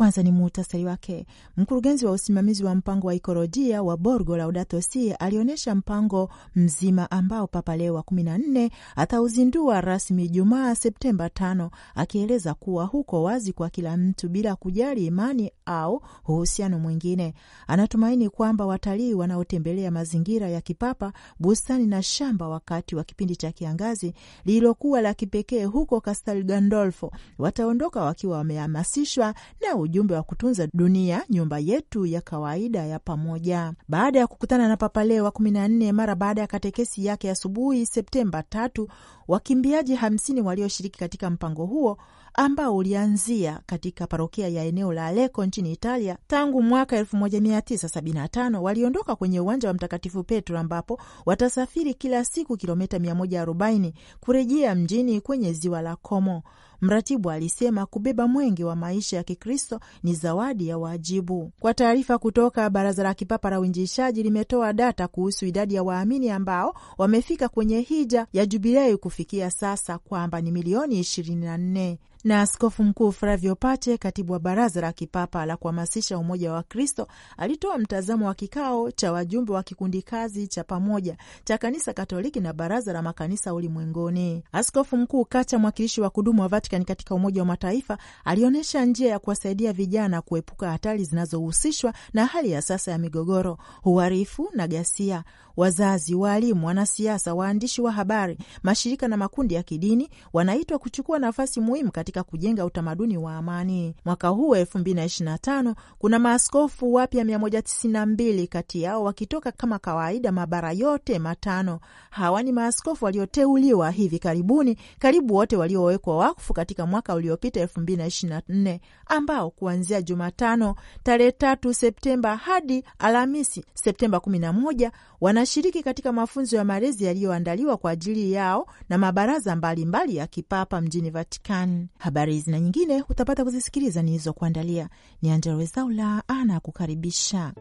kwanza ni muhtasari wake. Mkurugenzi wa usimamizi wa mpango wa ikolojia wa Borgo Laudato Si alionyesha mpango mzima ambao Papa Leo wa kumi na nne atauzindua rasmi Jumaa Septemba tano, akieleza kuwa huko wazi kwa kila mtu bila kujali imani au uhusiano mwingine. Anatumaini kwamba watalii wanaotembelea mazingira ya kipapa, bustani na shamba, wakati wa kipindi cha kiangazi lililokuwa la kipekee huko Castel Gandolfo, wataondoka wakiwa wamehamasishwa na ujumbe wa kutunza dunia nyumba yetu ya kawaida ya pamoja. Baada ya kukutana na Papa Leo wa kumi na nne mara baada ya katekesi yake asubuhi ya Septemba tatu, wakimbiaji hamsini walioshiriki katika mpango huo ambao ulianzia katika parokia ya eneo la Aleko nchini Italia tangu mwaka 1975 waliondoka kwenye uwanja wa Mtakatifu Petro ambapo watasafiri kila siku kilomita 140 kurejea mjini kwenye ziwa la Como. Mratibu alisema kubeba mwenge wa maisha ya Kikristo ni zawadi ya wajibu. Kwa taarifa kutoka Baraza la Kipapa la Uinjilishaji, limetoa data kuhusu idadi ya waamini ambao wamefika kwenye hija ya Jubilei kufikia sasa kwamba ni milioni 24 na Askofu Mkuu Flavio Pache, katibu wa Baraza la Kipapa la Kuhamasisha Umoja wa Kristo, alitoa mtazamo wa kikao cha wajumbe wa kikundi kazi cha pamoja cha Kanisa Katoliki na Baraza la Makanisa Ulimwenguni. Askofu Mkuu Kacha, mwakilishi wa kudumu wa Vatican katika Umoja wa Mataifa alionyesha njia ya kuwasaidia vijana kuepuka hatari zinazohusishwa na hali ya sasa ya migogoro, uharifu na ghasia. Wazazi, waalimu, wanasiasa, waandishi wa habari, mashirika na makundi ya kidini wanaitwa kuchukua nafasi muhimu katika kujenga utamaduni wa amani. Mwaka huu tano kuna maaskofu wapya mbili kati yao wakitoka kama kawaida mabara yote matano. Hawa ni maaskofu walioteuliwa hivi karibuni, karibu wote waliowekwa wakfu katika mwaka uliopita 2024 ambao kuanzia Jumatano tarehe 3 Septemba hadi Alhamisi Septemba 11 wanashiriki katika mafunzo ya malezi yaliyoandaliwa kwa ajili yao na mabaraza mbalimbali mbali ya kipapa mjini Vatikani. Habari hizi na nyingine utapata kuzisikiliza nilizokuandalia. Ni Angella Rwezaula anakukaribisha.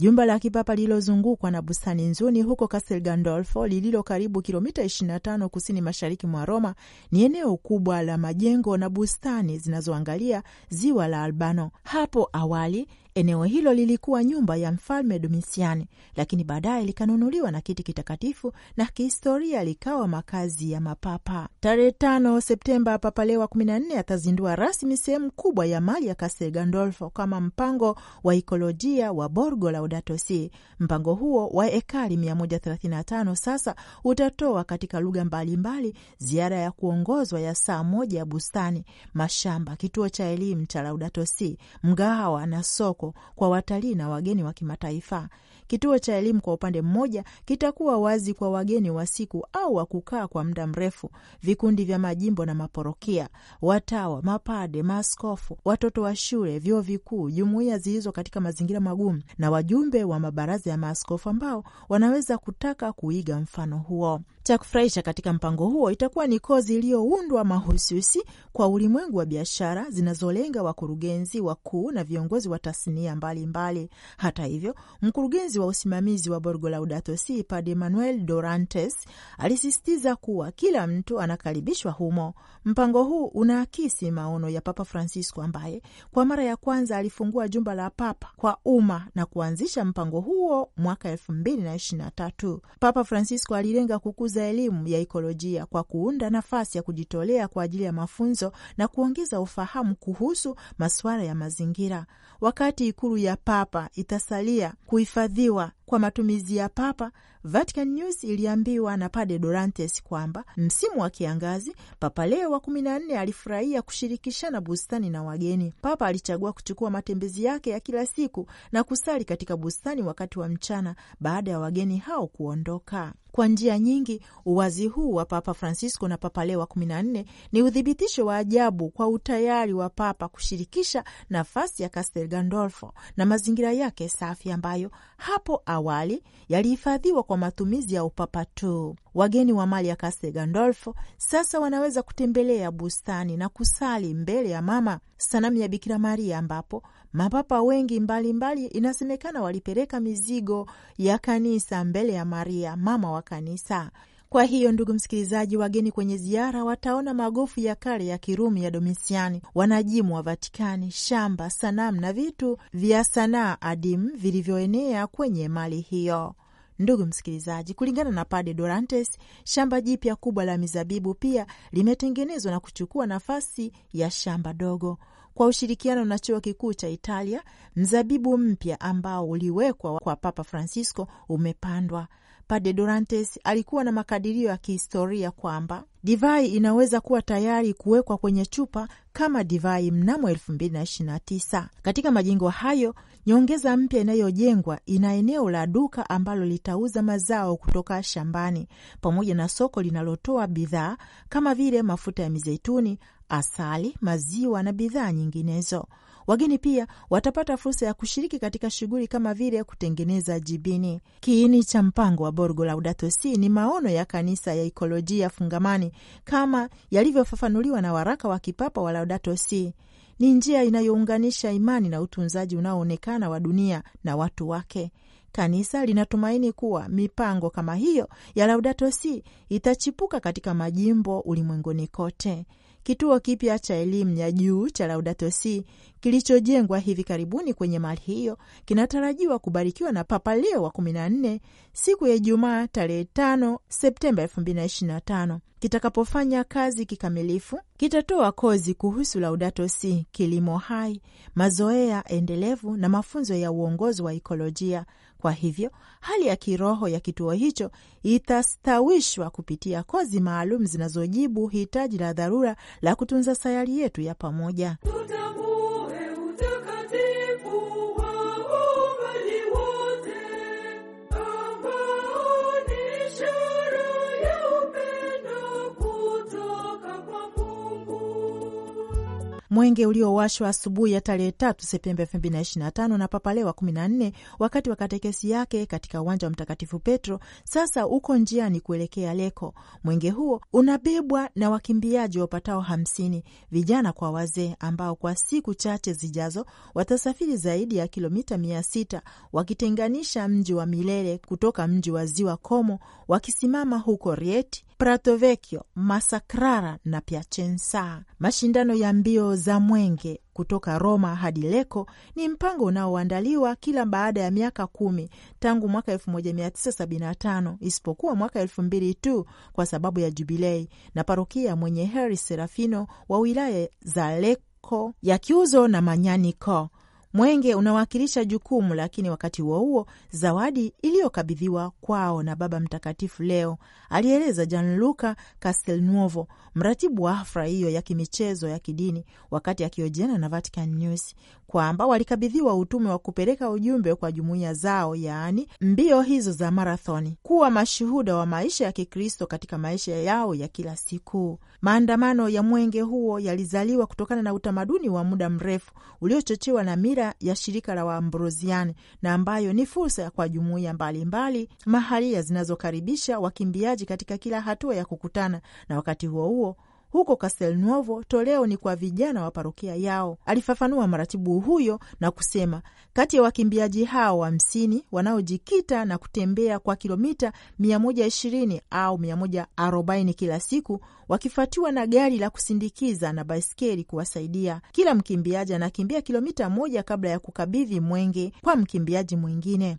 Jumba la kipapa lililozungukwa na bustani nzuri huko Castel Gandolfo lililo karibu kilomita 25 kusini mashariki mwa Roma ni eneo kubwa la majengo na bustani zinazoangalia ziwa la Albano. Hapo awali Eneo hilo lilikuwa nyumba ya mfalme Domisiani, lakini baadaye likanunuliwa na kiti kitakatifu na kihistoria likawa makazi ya mapapa. Tarehe tano Septemba, Papa Leo wa kumi na nne atazindua rasmi sehemu kubwa ya mali ya Castel Gandolfo kama mpango wa ikolojia wa Borgo Laudato Si. Mpango huo wa ekari 135 sasa utatoa katika lugha mbalimbali ziara ya kuongozwa ya saa moja ya bustani, mashamba, kituo cha elimu cha Laudato Si, mgahawa na soko soko kwa watalii na wageni wa kimataifa. Kituo cha elimu kwa upande mmoja kitakuwa wazi kwa wageni wa siku au wa kukaa kwa muda mrefu, vikundi vya majimbo na maporokia, watawa, mapade, maaskofu, watoto wa shule, vyuo vikuu, jumuiya zilizo katika mazingira magumu na wajumbe wa mabaraza ya maaskofu ambao wanaweza kutaka kuiga mfano huo. Cha kufurahisha katika mpango huo itakuwa ni kozi iliyoundwa mahususi kwa ulimwengu wa biashara zinazolenga wakurugenzi wakuu na viongozi wa tasnia mbalimbali. Hata hivyo, mkurugenzi wa usimamizi wa Borgo Laudato Si Padre Manuel Dorantes alisisitiza kuwa kila mtu anakaribishwa humo. Mpango huu unaakisi maono ya Papa Francisco ambaye kwa mara ya kwanza alifungua jumba la Papa kwa umma na kuanzisha mpango huo mwaka elfu mbili na ishirini na tatu. Papa Francisco alilenga kuku kukuza elimu ya ikolojia kwa kuunda nafasi ya kujitolea kwa ajili ya mafunzo na kuongeza ufahamu kuhusu masuala ya mazingira. Wakati ikulu ya Papa itasalia kuhifadhiwa kwa matumizi ya Papa, Vatican News iliambiwa na Pade Dorantes kwamba msimu wa kiangazi Papa Leo wa kumi na nne alifurahia kushirikishana bustani na wageni. Papa alichagua kuchukua matembezi yake ya kila siku na kusali katika bustani wakati wa mchana baada ya wageni hao kuondoka. Kwa njia nyingi, uwazi huu wa Papa Francisco na Papa Leo wa kumi na nne ni uthibitisho wa ajabu kwa utayari wa Papa kushirikisha nafasi ya Castel Gandolfo na mazingira yake safi ambayo hapo awali yalihifadhiwa kwa matumizi ya upapa tu. Wageni wa mali ya Castel Gandolfo sasa wanaweza kutembelea bustani na kusali mbele ya mama sanamu ya Bikira Maria, ambapo mapapa wengi mbalimbali mbali inasemekana walipeleka mizigo ya kanisa mbele ya Maria, mama wa kanisa. Kwa hiyo ndugu msikilizaji, wageni kwenye ziara wataona magofu ya kale ya Kirumi ya Domisiani, wanajimu wa Vatikani, shamba, sanamu na vitu vya sanaa adimu vilivyoenea kwenye mali hiyo. Ndugu msikilizaji, kulingana na Pade Dorantes, shamba jipya kubwa la mizabibu pia limetengenezwa na kuchukua nafasi ya shamba dogo kwa ushirikiano na chuo kikuu cha Italia. Mzabibu mpya ambao uliwekwa kwa Papa Francisco umepandwa Pade Durantes alikuwa na makadirio ya kihistoria kwamba divai inaweza kuwa tayari kuwekwa kwenye chupa kama divai mnamo 2029. Katika majengo hayo, nyongeza mpya inayojengwa ina eneo la duka ambalo litauza mazao kutoka shambani pamoja na soko linalotoa bidhaa kama vile mafuta ya mizeituni, asali, maziwa na bidhaa nyinginezo. Wageni pia watapata fursa ya kushiriki katika shughuli kama vile kutengeneza jibini. Kiini cha mpango wa Borgo Laudato Si ni maono ya kanisa ya ikolojia fungamani kama yalivyofafanuliwa na waraka wa kipapa wa Laudato Si. Ni njia inayounganisha imani na utunzaji unaoonekana wa dunia na watu wake. Kanisa linatumaini kuwa mipango kama hiyo ya Laudato Si itachipuka katika majimbo ulimwenguni kote. Kituo kipya cha elimu ya juu cha Laudato Si kilichojengwa hivi karibuni kwenye mali hiyo kinatarajiwa kubarikiwa na Papa Leo wa kumi na nne siku ya Ijumaa tarehe tano Septemba elfu Kitakapofanya kazi kikamilifu, kitatoa kozi kuhusu Laudato Si, kilimo hai, mazoea endelevu na mafunzo ya uongozi wa ikolojia kwa hivyo hali ya kiroho ya kituo hicho itastawishwa kupitia kozi maalum zinazojibu hitaji la dharura la kutunza sayari yetu ya pamoja. Tutabu mwenge uliowashwa asubuhi ya tarehe tatu Septemba elfu mbili na ishirini na tano na Papa Leo wa kumi na nne wakati wa katekesi yake katika uwanja wa Mtakatifu Petro sasa uko njiani kuelekea Leko. Mwenge huo unabebwa na wakimbiaji wapatao hamsini, vijana kwa wazee, ambao kwa siku chache zijazo watasafiri zaidi ya kilomita mia sita wakitenganisha mji wa milele kutoka mji wa ziwa Como, wakisimama huko Rieti Vecchio, Masakrara na Piacenza. Mashindano ya mbio za mwenge kutoka Roma hadi Lecco ni mpango unaoandaliwa kila baada ya miaka kumi tangu mwaka 1975 isipokuwa mwaka mbili tu kwa sababu ya jubilei, na parokia Mwenye Heri Serafino wa wilaya za Lecco, Yakiuzo na manyaniko Mwenge unawakilisha jukumu, lakini wakati huo huo zawadi iliyokabidhiwa kwao na Baba Mtakatifu leo, alieleza Gianluca Castelnuovo, mratibu wa afra hiyo ya kimichezo ya kidini, wakati akihojiana na Vatican News kwamba walikabidhiwa utume wa kupeleka ujumbe kwa jumuiya zao, yaani mbio hizo za marathoni, kuwa mashuhuda wa maisha ya Kikristo katika maisha yao ya kila siku. Maandamano ya mwenge huo yalizaliwa kutokana na utamaduni wa muda mrefu uliochochewa na dira ya shirika la Waambrosiani na ambayo ni fursa kwa jumuiya mbalimbali mahalia zinazokaribisha wakimbiaji katika kila hatua ya kukutana, na wakati huo huo huko Castelnuovo, toleo ni kwa vijana wa parokia yao, alifafanua maratibu huyo na kusema, kati ya wakimbiaji hao hamsini wa wanaojikita na kutembea kwa kilomita 120 au 140 kila siku, wakifuatiwa na gari la kusindikiza na baiskeli kuwasaidia. Kila mkimbiaji anakimbia kilomita moja kabla ya kukabidhi mwenge kwa mkimbiaji mwingine.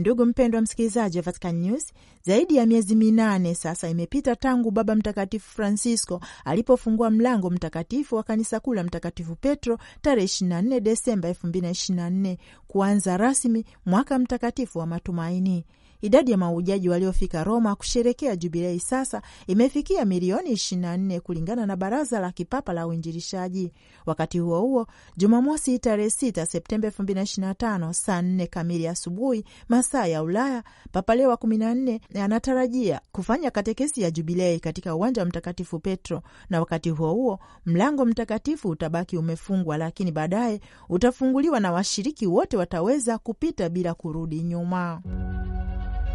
Ndugu mpendwa msikilizaji wa Vatican News, zaidi ya miezi minane sasa imepita tangu Baba Mtakatifu Francisco alipofungua mlango mtakatifu wa kanisa kuu la Mtakatifu Petro tarehe 24 Desemba 2024 kuanza rasmi mwaka mtakatifu wa matumaini. Idadi ya mahujaji waliofika Roma kusherekea Jubilei sasa imefikia milioni 24 kulingana na Baraza la Kipapa la Uinjilishaji. Wakati huo huo, Jumamosi tarehe 6 Septemba 2025 saa 4 kamili asubuhi masaa ya Ulaya, Papa Leo wa 14 anatarajia kufanya katekesi ya Jubilei katika uwanja wa Mtakatifu Petro, na wakati huo huo mlango mtakatifu utabaki umefungwa, lakini baadaye utafunguliwa na washiriki wote wataweza kupita bila kurudi nyuma.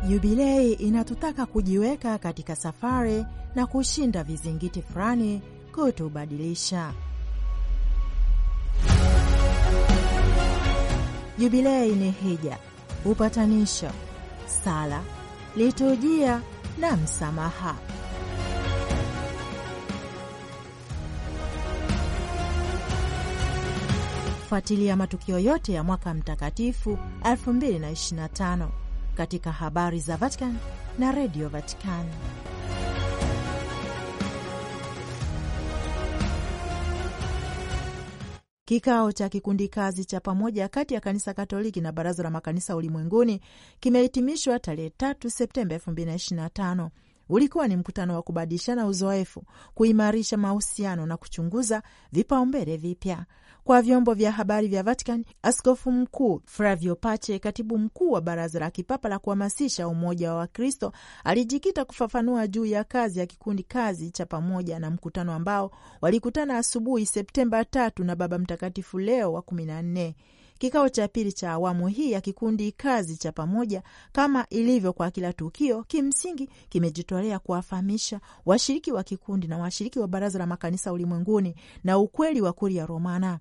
Jubilei inatutaka kujiweka katika safari na kushinda vizingiti fulani kutubadilisha. Jubilei ni hija, upatanisho, sala, liturujia na msamaha. Fuatilia matukio yote ya mwaka mtakatifu 2025 katika habari za Vatican na redio Vatican. Kikao cha kikundi kazi cha pamoja kati ya kanisa Katoliki na baraza la makanisa ulimwenguni kimehitimishwa tarehe 3 Septemba 2025. Ulikuwa ni mkutano wa kubadilishana uzoefu, kuimarisha mahusiano na kuchunguza vipaumbele vipya kwa vyombo vya habari vya Vatican, Askofu Mkuu Flavio Pache, katibu mkuu wa Baraza la Kipapa la Kuhamasisha Umoja wa Wakristo, alijikita kufafanua juu ya kazi ya kikundi kazi cha pamoja na mkutano ambao walikutana asubuhi Septemba tatu na Baba Mtakatifu Leo wa kumi na nne. Kikao cha pili cha awamu hii ya kikundi kazi cha pamoja, kama ilivyo kwa kila tukio, kimsingi kimejitolea kuwafahamisha washiriki wa kikundi na washiriki wa Baraza la Makanisa Ulimwenguni na ukweli wa Kuria Romana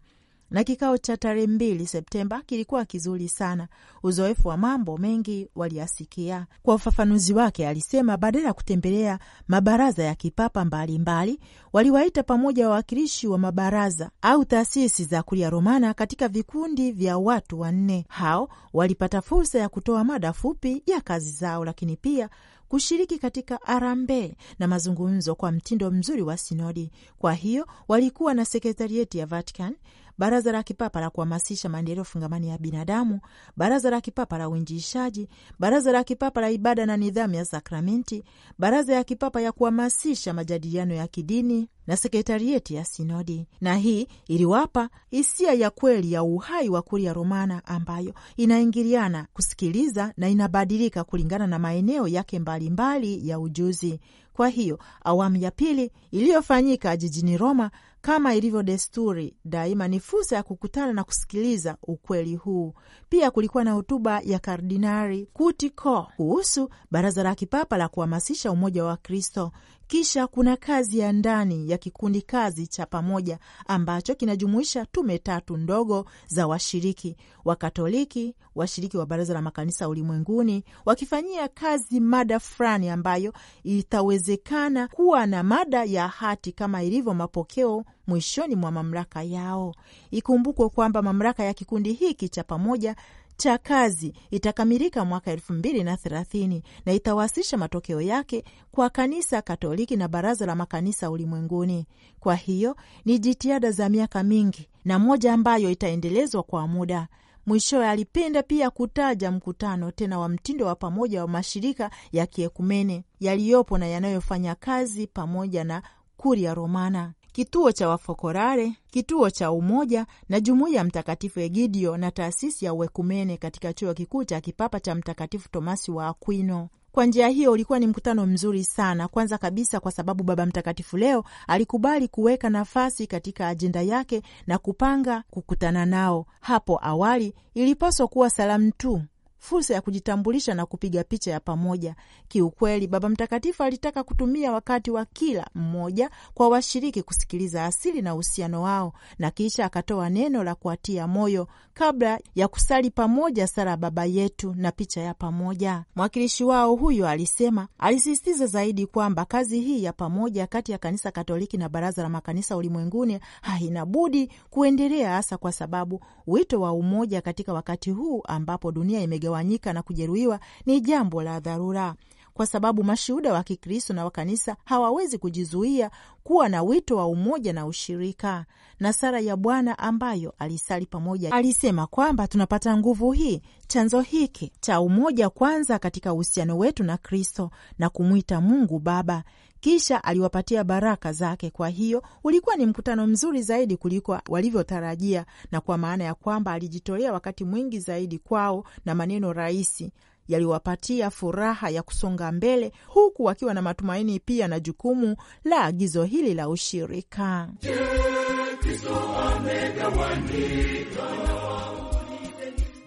na kikao cha tarehe mbili Septemba kilikuwa kizuri sana. Uzoefu wa mambo mengi waliyasikia. Kwa ufafanuzi wake, alisema badala ya kutembelea mabaraza ya kipapa mbalimbali, waliwaita pamoja wawakilishi wa mabaraza au taasisi za Kuria Romana katika vikundi vya watu wanne. Hao walipata fursa ya kutoa mada fupi ya kazi zao, lakini pia kushiriki katika arambe na mazungumzo kwa mtindo mzuri wa sinodi. Kwa hiyo walikuwa na sekretarieti ya Vatican Baraza la Kipapa la Kuhamasisha Maendeleo Fungamani ya Binadamu, Baraza la Kipapa la Uinjiishaji, Baraza la Kipapa la Ibada na Nidhamu ya Sakramenti, Baraza ya Kipapa ya Kuhamasisha Majadiliano ya Kidini na sekretarieti ya sinodi. Na hii iliwapa hisia ya kweli ya uhai wa Kuria Romana ambayo inaingiliana, kusikiliza na inabadilika kulingana na maeneo yake mbalimbali mbali ya ujuzi. Kwa hiyo awamu ya pili iliyofanyika jijini Roma kama ilivyo desturi, daima ni fursa ya kukutana na kusikiliza ukweli huu. Pia kulikuwa na hotuba ya Kardinari Kutiko kuhusu Baraza la Kipapa la Kuhamasisha Umoja wa Kristo. Kisha kuna kazi ya ndani ya kikundi kazi cha pamoja ambacho kinajumuisha tume tatu ndogo za washiriki Wakatoliki, washiriki wa Baraza la Makanisa Ulimwenguni, wakifanyia kazi mada fulani ambayo itawezekana kuwa na mada ya hati kama ilivyo mapokeo mwishoni mwa mamlaka yao. Ikumbukwe kwamba mamlaka ya kikundi hiki cha pamoja cha kazi itakamilika mwaka elfu mbili na thelathini na itawasilisha matokeo yake kwa Kanisa Katoliki na Baraza la Makanisa Ulimwenguni. Kwa hiyo ni jitihada za miaka mingi na moja ambayo itaendelezwa kwa muda. Mwishowe alipenda pia kutaja mkutano tena wa mtindo wa pamoja wa mashirika ya kiekumene yaliyopo na yanayofanya kazi pamoja na Kuria Romana kituo cha Wafokorare, kituo cha Umoja na jumuiya ya Mtakatifu Egidio na taasisi ya uekumene katika chuo kikuu cha kipapa cha Mtakatifu Tomasi wa Akwino. Kwa njia hiyo ulikuwa ni mkutano mzuri sana, kwanza kabisa kwa sababu Baba Mtakatifu leo alikubali kuweka nafasi katika ajenda yake na kupanga kukutana nao. Hapo awali ilipaswa kuwa salamu tu fursa ya kujitambulisha na kupiga picha ya pamoja. Kiukweli, Baba Mtakatifu alitaka kutumia wakati wa kila mmoja kwa washiriki kusikiliza asili na uhusiano wao, na kisha akatoa neno la kuatia moyo kabla ya kusali pamoja sala Baba Yetu na picha ya pamoja. Mwakilishi wao huyo alisema, alisisitiza zaidi kwamba kazi hii ya pamoja kati ya Kanisa Katoliki na Baraza la Makanisa Ulimwenguni haina budi kuendelea, hasa kwa sababu wito wa umoja katika wakati huu ambapo dunia imegewa kutawanyika na kujeruhiwa ni jambo la dharura, kwa sababu mashuhuda wa Kikristo na wa kanisa hawawezi kujizuia kuwa na wito wa umoja na ushirika. Na sara ya Bwana ambayo alisali pamoja, alisema kwamba tunapata nguvu hii, chanzo hiki cha umoja, kwanza katika uhusiano wetu na Kristo na kumwita Mungu Baba kisha aliwapatia baraka zake. Kwa hiyo ulikuwa ni mkutano mzuri zaidi kuliko walivyotarajia, na kwa maana ya kwamba alijitolea wakati mwingi zaidi kwao, na maneno rahisi yaliwapatia furaha ya kusonga mbele, huku wakiwa na matumaini pia na jukumu la agizo hili la ushirika. Je,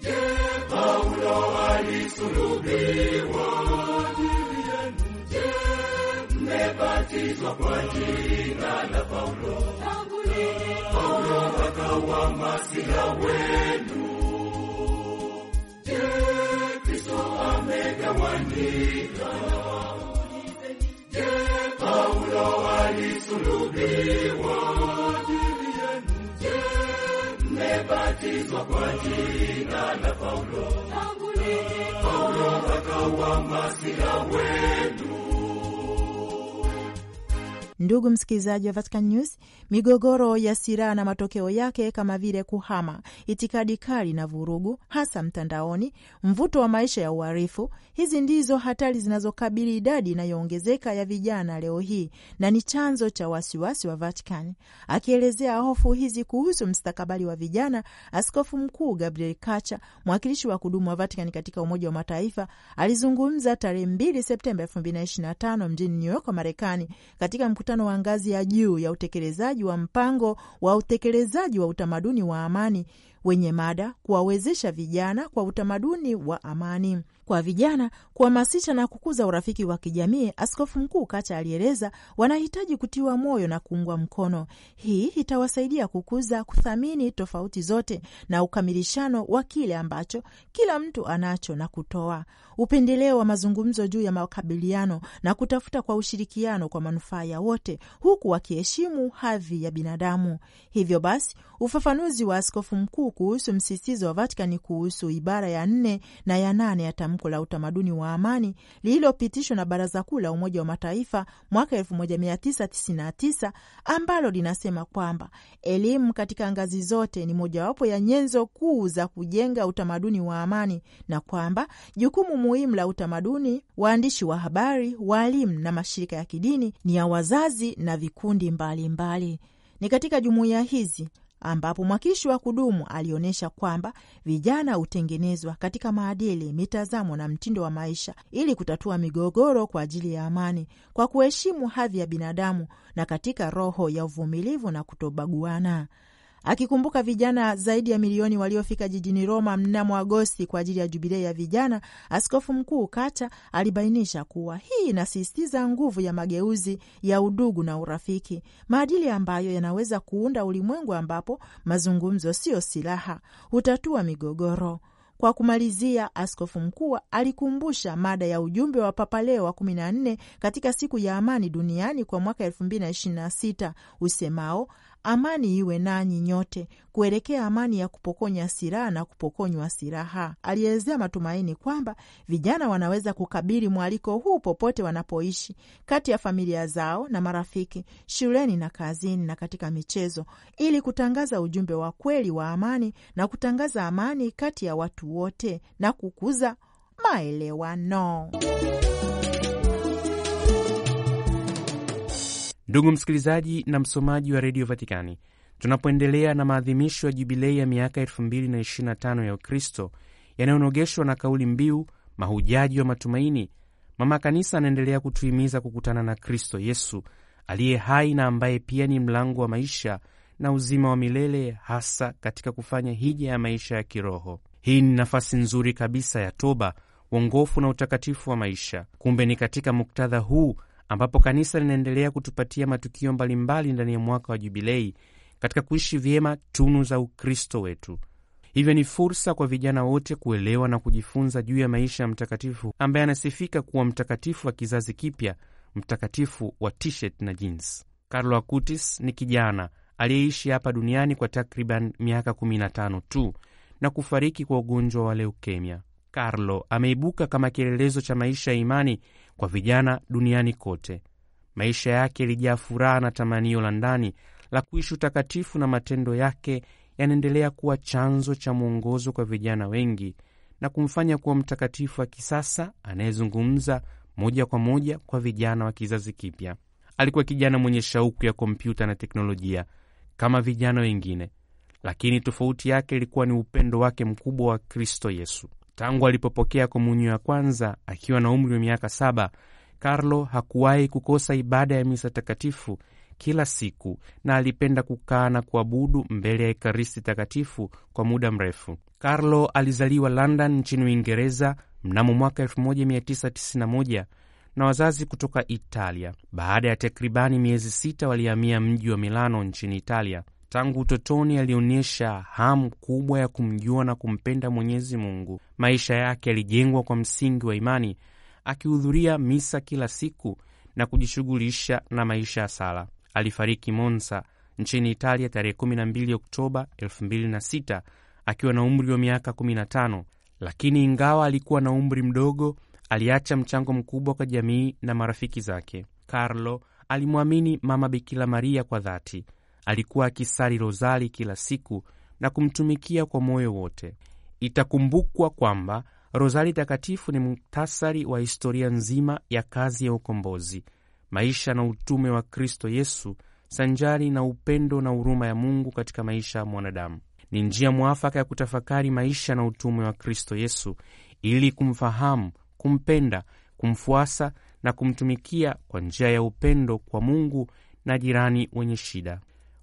Je, Paulo alisulubiwa? aliyebatizwa kwa jina la Paulo, Paulo akawa masiha wenu. Je, Kristo amegawanyika? Je, Paulo alisulubiwa? Je, mmebatizwa kwa jina la Paulo, Paulo akawa masiha wenu? Ndugu msikilizaji wa Vatican News, migogoro ya silaha na matokeo yake kama vile kuhama, itikadi kali na vurugu, hasa mtandaoni, mvuto wa maisha ya uharifu, hizi ndizo hatari zinazokabili idadi inayoongezeka ya vijana leo hii na ni chanzo cha wasiwasi wa Vatican. Akielezea hofu hizi kuhusu mstakabali wa vijana, Askofu Mkuu Gabriel Kacha, mwakilishi wa kudumu wa Vatican katika Umoja wa Mataifa, alizungumza tarehe 2 Septemba 2025 mjini New York wa Marekani katika mkutano mkutano wa ngazi ya juu ya utekelezaji wa mpango wa utekelezaji wa utamaduni wa amani wenye mada kuwawezesha vijana kwa utamaduni wa amani kwa vijana kuhamasisha na kukuza urafiki wa kijamii. Askofu Mkuu Kacha alieleza wanahitaji kutiwa moyo na kuungwa mkono. Hii itawasaidia kukuza kuthamini tofauti zote na ukamilishano wa kile ambacho kila mtu anacho na kutoa upendeleo wa mazungumzo juu ya makabiliano na kutafuta kwa ushirikiano kwa manufaa ya wote, huku wakiheshimu hadhi ya binadamu. Hivyo basi, ufafanuzi wa askofu mkuu kuhusu msisitizo wa Vatikani kuhusu ibara ya nne na ya nane ya tamko la utamaduni wa amani lililopitishwa na Baraza Kuu la Umoja wa Mataifa mwaka 1999 ambalo linasema kwamba elimu katika ngazi zote ni mojawapo ya nyenzo kuu za kujenga utamaduni wa amani na kwamba jukumu muhimu la utamaduni, waandishi wa habari, waalimu na mashirika ya kidini ni ya wazazi na vikundi mbalimbali mbali. Ni katika jumuiya hizi ambapo mwakishi wa kudumu alionyesha kwamba vijana hutengenezwa katika maadili, mitazamo na mtindo wa maisha ili kutatua migogoro kwa ajili ya amani, kwa kuheshimu hadhi ya binadamu na katika roho ya uvumilivu na kutobaguana akikumbuka vijana zaidi ya milioni waliofika jijini Roma mnamo Agosti kwa ajili ya jubilei ya vijana. Askofu mkuu Kata alibainisha kuwa hii inasisitiza nguvu ya mageuzi ya udugu na urafiki, maadili ambayo yanaweza kuunda ulimwengu ambapo mazungumzo siyo silaha hutatua migogoro. Kwa kumalizia, askofu mkuu alikumbusha mada ya ujumbe wa Papa Leo wa 14 katika siku ya amani duniani kwa mwaka 2026 usemao Amani iwe nanyi nyote, kuelekea amani ya kupokonya silaha na kupokonywa silaha. Alielezea matumaini kwamba vijana wanaweza kukabili mwaliko huu popote wanapoishi, kati ya familia zao na marafiki, shuleni na kazini, na katika michezo, ili kutangaza ujumbe wa kweli wa amani na kutangaza amani kati ya watu wote na kukuza maelewano. Ndugu msikilizaji na msomaji wa redio Vatikani, tunapoendelea na maadhimisho ya jubilei ya miaka 2025 ya Ukristo yanayonogeshwa na kauli mbiu mahujaji wa matumaini, mama kanisa anaendelea kutuhimiza kukutana na Kristo Yesu aliye hai na ambaye pia ni mlango wa maisha na uzima wa milele, hasa katika kufanya hija ya maisha ya kiroho. Hii ni nafasi nzuri kabisa ya toba, uongofu na utakatifu wa maisha. Kumbe ni katika muktadha huu ambapo kanisa linaendelea kutupatia matukio mbalimbali ndani ya mwaka wa Jubilei katika kuishi vyema tunu za Ukristo wetu. Hivyo ni fursa kwa vijana wote kuelewa na kujifunza juu ya maisha ya mtakatifu ambaye anasifika kuwa mtakatifu wa kizazi kipya, mtakatifu wa t-shirt na jeans. Carlo Acutis ni kijana aliyeishi hapa duniani kwa takriban miaka 15 tu na kufariki kwa ugonjwa wa leukemia. Carlo ameibuka kama kielelezo cha maisha ya imani kwa vijana duniani kote. Maisha yake yalijaa furaha na tamanio la ndani la kuishi utakatifu, na matendo yake yanaendelea kuwa chanzo cha mwongozo kwa vijana wengi na kumfanya kuwa mtakatifu wa kisasa anayezungumza moja kwa moja kwa vijana wa kizazi kipya. Alikuwa kijana mwenye shauku ya kompyuta na teknolojia kama vijana wengine, lakini tofauti yake ilikuwa ni upendo wake mkubwa wa Kristo Yesu. Tangu alipopokea komunyo ya kwanza akiwa na umri wa miaka saba, Carlo hakuwahi kukosa ibada ya misa takatifu kila siku na alipenda kukaa na kuabudu mbele ya Ekaristi takatifu kwa muda mrefu. Carlo alizaliwa London nchini Uingereza mnamo mwaka 1991 na wazazi kutoka Italia. Baada ya takribani miezi sita, walihamia mji wa Milano nchini Italia. Tangu utotoni alionyesha hamu kubwa ya kumjua na kumpenda Mwenyezi Mungu. Maisha yake yalijengwa kwa msingi wa imani, akihudhuria misa kila siku na kujishughulisha na maisha ya sala. Alifariki Monza nchini Italia tarehe 12 Oktoba 2006 akiwa na umri wa miaka 15, lakini ingawa alikuwa na umri mdogo, aliacha mchango mkubwa kwa jamii na marafiki zake. Carlo alimwamini Mama Bikira Maria kwa dhati. Alikuwa akisali rozari kila siku na kumtumikia kwa moyo wote. Itakumbukwa kwamba rozari takatifu ni muktasari wa historia nzima ya kazi ya ukombozi, maisha na utume wa Kristo Yesu sanjari na upendo na huruma ya Mungu katika maisha ya mwanadamu. Ni njia mwafaka ya kutafakari maisha na utume wa Kristo Yesu ili kumfahamu, kumpenda, kumfuasa na kumtumikia kwa njia ya upendo kwa Mungu na jirani wenye shida.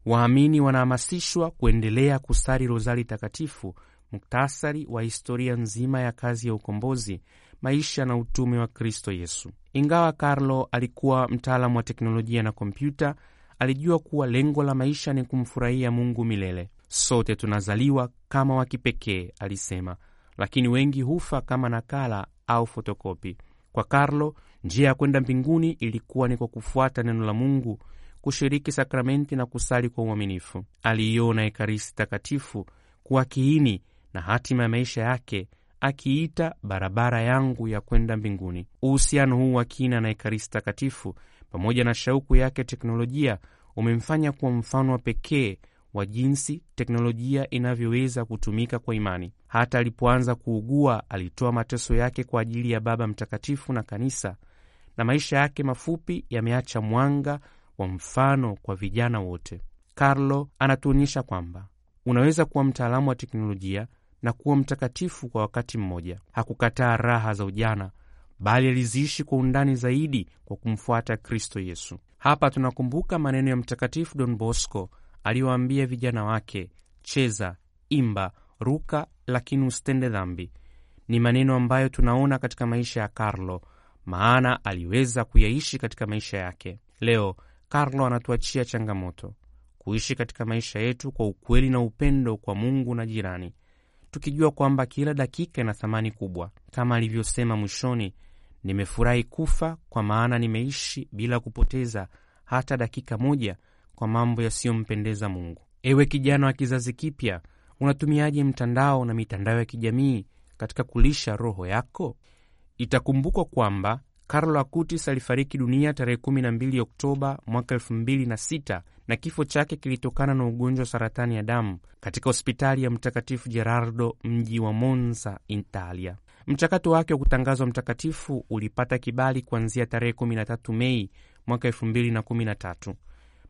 Waamini wanahamasishwa kuendelea kusali rozari takatifu, muktasari wa historia nzima ya kazi ya ukombozi, maisha na utume wa Kristo Yesu. Ingawa Carlo alikuwa mtaalamu wa teknolojia na kompyuta, alijua kuwa lengo la maisha ni kumfurahia Mungu milele. Sote tunazaliwa kama wa kipekee, alisema, lakini wengi hufa kama nakala au fotokopi. Kwa Carlo, njia ya kwenda mbinguni ilikuwa ni kwa kufuata neno la Mungu kushiriki sakramenti na kusali kwa uaminifu. Aliiona Ekaristi Takatifu kuwa kiini na hatima ya maisha yake, akiita barabara yangu ya kwenda mbinguni. Uhusiano huu wa kina na Ekaristi Takatifu pamoja na shauku yake teknolojia umemfanya kuwa mfano wa pekee wa jinsi teknolojia inavyoweza kutumika kwa imani. Hata alipoanza kuugua, alitoa mateso yake kwa ajili ya Baba Mtakatifu na Kanisa, na maisha yake mafupi yameacha mwanga wa mfano kwa vijana wote. Carlo anatuonyesha kwamba unaweza kuwa mtaalamu wa teknolojia na kuwa mtakatifu kwa wakati mmoja. Hakukataa raha za ujana, bali aliziishi kwa undani zaidi kwa kumfuata Kristo Yesu. Hapa tunakumbuka maneno ya Mtakatifu Don Bosco aliyoambia vijana wake, cheza, imba, ruka, lakini usitende dhambi. Ni maneno ambayo tunaona katika maisha ya Carlo, maana aliweza kuyaishi katika maisha yake. Leo Karlo anatuachia changamoto: kuishi katika maisha yetu kwa ukweli na upendo kwa Mungu na jirani, tukijua kwamba kila dakika ina thamani kubwa. Kama alivyosema mwishoni, nimefurahi kufa kwa maana nimeishi bila kupoteza hata dakika moja kwa mambo yasiyompendeza Mungu. Ewe kijana wa kizazi kipya, unatumiaje mtandao na mitandao ya kijamii katika kulisha roho yako? Itakumbukwa kwamba Carlo Acutis alifariki dunia tarehe 12 Oktoba mwaka 2006 na kifo chake kilitokana na ugonjwa wa saratani ya damu katika hospitali ya Mtakatifu Gerardo mji wa Monza, Italia. Mchakato wake wa kutangazwa mtakatifu ulipata kibali kuanzia tarehe 13 Mei mwaka 2013.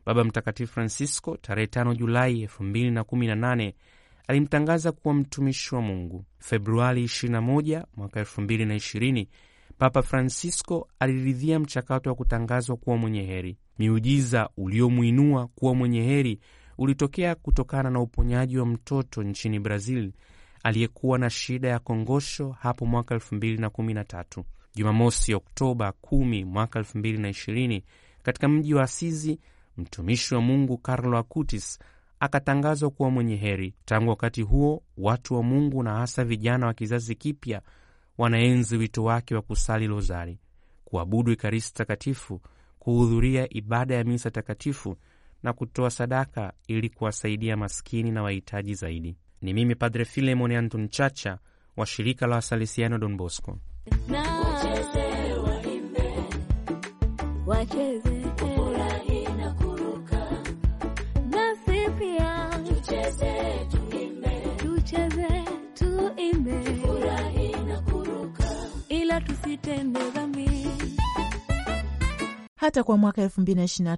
Baba Mtakatifu Francisco tarehe 5 Julai 2018 alimtangaza kuwa mtumishi wa Mungu. Februari 21 mwaka 2020 Papa Francisco aliridhia mchakato wa kutangazwa kuwa mwenye heri. Miujiza uliomwinua kuwa mwenye heri ulitokea kutokana na uponyaji wa mtoto nchini Brazil aliyekuwa na shida ya kongosho hapo mwaka 2013. Jumamosi Oktoba 10 mwaka 2020, katika mji wa Asizi, mtumishi wa Mungu Carlo Acutis akatangazwa kuwa mwenye heri. Tangu wakati huo watu wa Mungu na hasa vijana wa kizazi kipya wanaenzi wito wake wa kusali rozari, kuabudu Ekaristi Takatifu, kuhudhuria ibada ya misa takatifu na kutoa sadaka ili kuwasaidia maskini na wahitaji zaidi. Ni mimi Padre Filemon anton Chacha wa shirika la Wasalesiano Don Bosco. Wacheze, waimbe, wacheze. hata kwa mwaka elfu na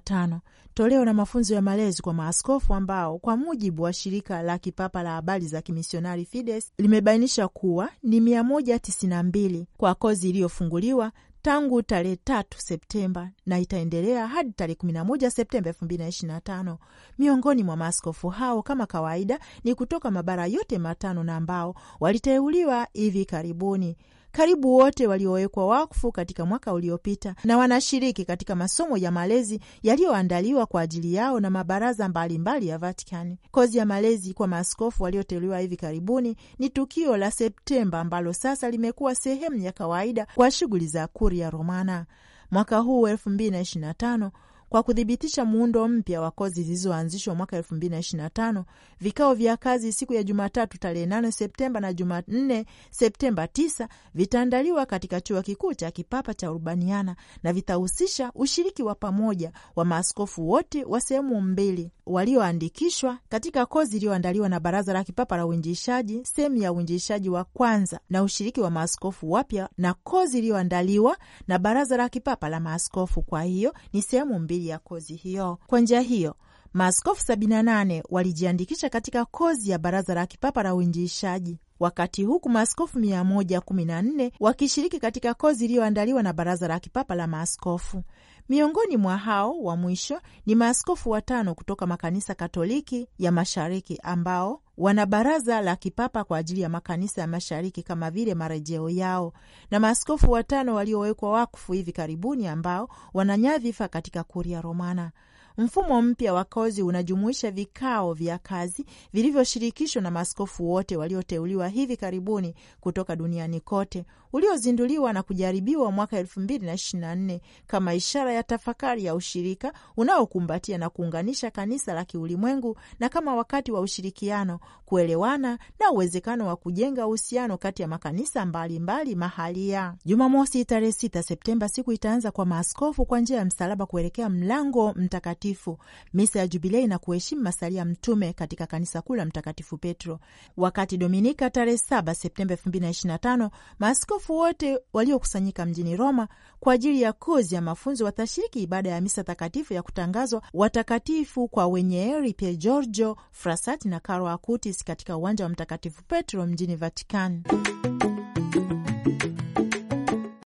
toleo la mafunzo ya malezi kwa maaskofu ambao kwa mujibu wa shirika la kipapa la habari za kimisionari Fides limebainisha kuwa ni 192 kwa kozi iliyofunguliwa tangu tarehe tatu Septemba na itaendelea hadi tarehe kumi na moja Septemba elfu mbili na ishirini na tano. Miongoni mwa maaskofu hao kama kawaida ni kutoka mabara yote matano na ambao waliteuliwa hivi karibuni karibu wote waliowekwa wakfu katika mwaka uliopita na wanashiriki katika masomo ya malezi yaliyoandaliwa kwa ajili yao na mabaraza mbalimbali mbali ya Vatikani. Kozi ya malezi kwa maaskofu walioteuliwa hivi karibuni ni tukio la Septemba ambalo sasa limekuwa sehemu ya kawaida kwa shughuli za Kuria Romana. Mwaka huu elfu mbili na ishirini na tano kwa kuthibitisha muundo mpya wa kozi zilizoanzishwa mwaka 2025, vikao vya kazi siku ya Jumatatu tarehe 8 Septemba na Jumanne Septemba 9 vitaandaliwa katika chuo kikuu cha kipapa cha Urbaniana na vitahusisha ushiriki wa pamoja wa maaskofu wote wa sehemu mbili walioandikishwa katika kozi iliyoandaliwa na Baraza la Kipapa la Uinjilishaji, sehemu ya uinjilishaji wa kwanza, na ushiriki wa maaskofu wapya na kozi iliyoandaliwa na Baraza la Kipapa la Maaskofu. Kwa hiyo ni sehemu mbili ajili ya kozi hiyo. Kwa njia hiyo maaskofu 78 walijiandikisha katika kozi ya Baraza la Kipapa la Uinjiishaji wakati huku maaskofu 114 wakishiriki katika kozi iliyoandaliwa na Baraza la Kipapa la Maaskofu. Miongoni mwa hao wa mwisho ni maaskofu watano kutoka makanisa Katoliki ya Mashariki ambao wana baraza la kipapa kwa ajili ya makanisa ya mashariki kama vile marejeo yao na maaskofu watano waliowekwa wakfu hivi karibuni ambao wana nyadhifa katika Kuria Romana. Mfumo mpya wa kozi unajumuisha vikao vya kazi vilivyoshirikishwa na maaskofu wote walioteuliwa hivi karibuni kutoka duniani kote uliozinduliwa na kujaribiwa mwaka 2024 kama ishara ya tafakari ya ushirika unaokumbatia na kuunganisha kanisa la kiulimwengu na kama wakati wa ushirikiano, kuelewana na uwezekano wa kujenga uhusiano kati ya makanisa mbalimbali mahalia. Jumamosi tarehe 6 Septemba, siku itaanza kwa maaskofu kwa njia ya msalaba kuelekea mlango mtakatifu, misa ya Jubilei na kuheshimu masalia mtume katika kanisa kuu la Mtakatifu Petro. Wakati Dominika tarehe 7 Septemba 2025 maaskofu Maaskofu wote waliokusanyika mjini Roma kwa ajili ya kozi ya mafunzo watashiriki ibada ya misa takatifu ya kutangazwa watakatifu kwa wenye heri Pier Giorgio Frassati na Carlo Acutis katika uwanja wa Mtakatifu Petro mjini Vatican.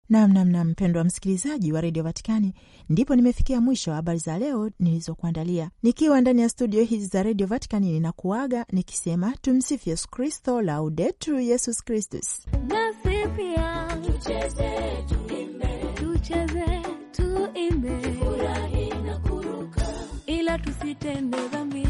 Namnamna mpendwa msikilizaji wa redio Vatikani, ndipo nimefikia mwisho wa habari za leo nilizokuandalia nikiwa ndani ya studio hizi za redio Vatikani. Ninakuaga nikisema tumsifu Yesu Kristo, laudetur Yesus Kristus. tucheke pia, tucheze tuimbe, tucheze tuimbe, Furahi na kuruka, ila tusitende dhambi